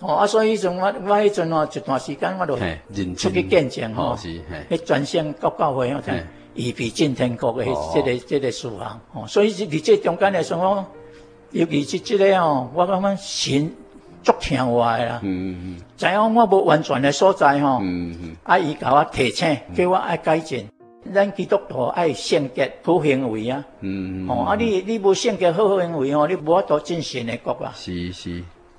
哦，啊，所以從我我嗰陣吼一段時間，我就出去見證哦，係去全省各教教會，睇預備進天國嘅呢個呢個事啊，哦，所以呢呢中間嘅時候，尤其即個哦，我感覺神足聽話嘅啦，嗯嗯嗯，知影我冇完全嘅所在，吼，嗯嗯，啊，伊甲我提醒，叫我愛改進，咱基督徒愛性格好行為啊，嗯嗯，哦，啊你你冇性格好行為哦，你冇法度進神嘅國啊，是是。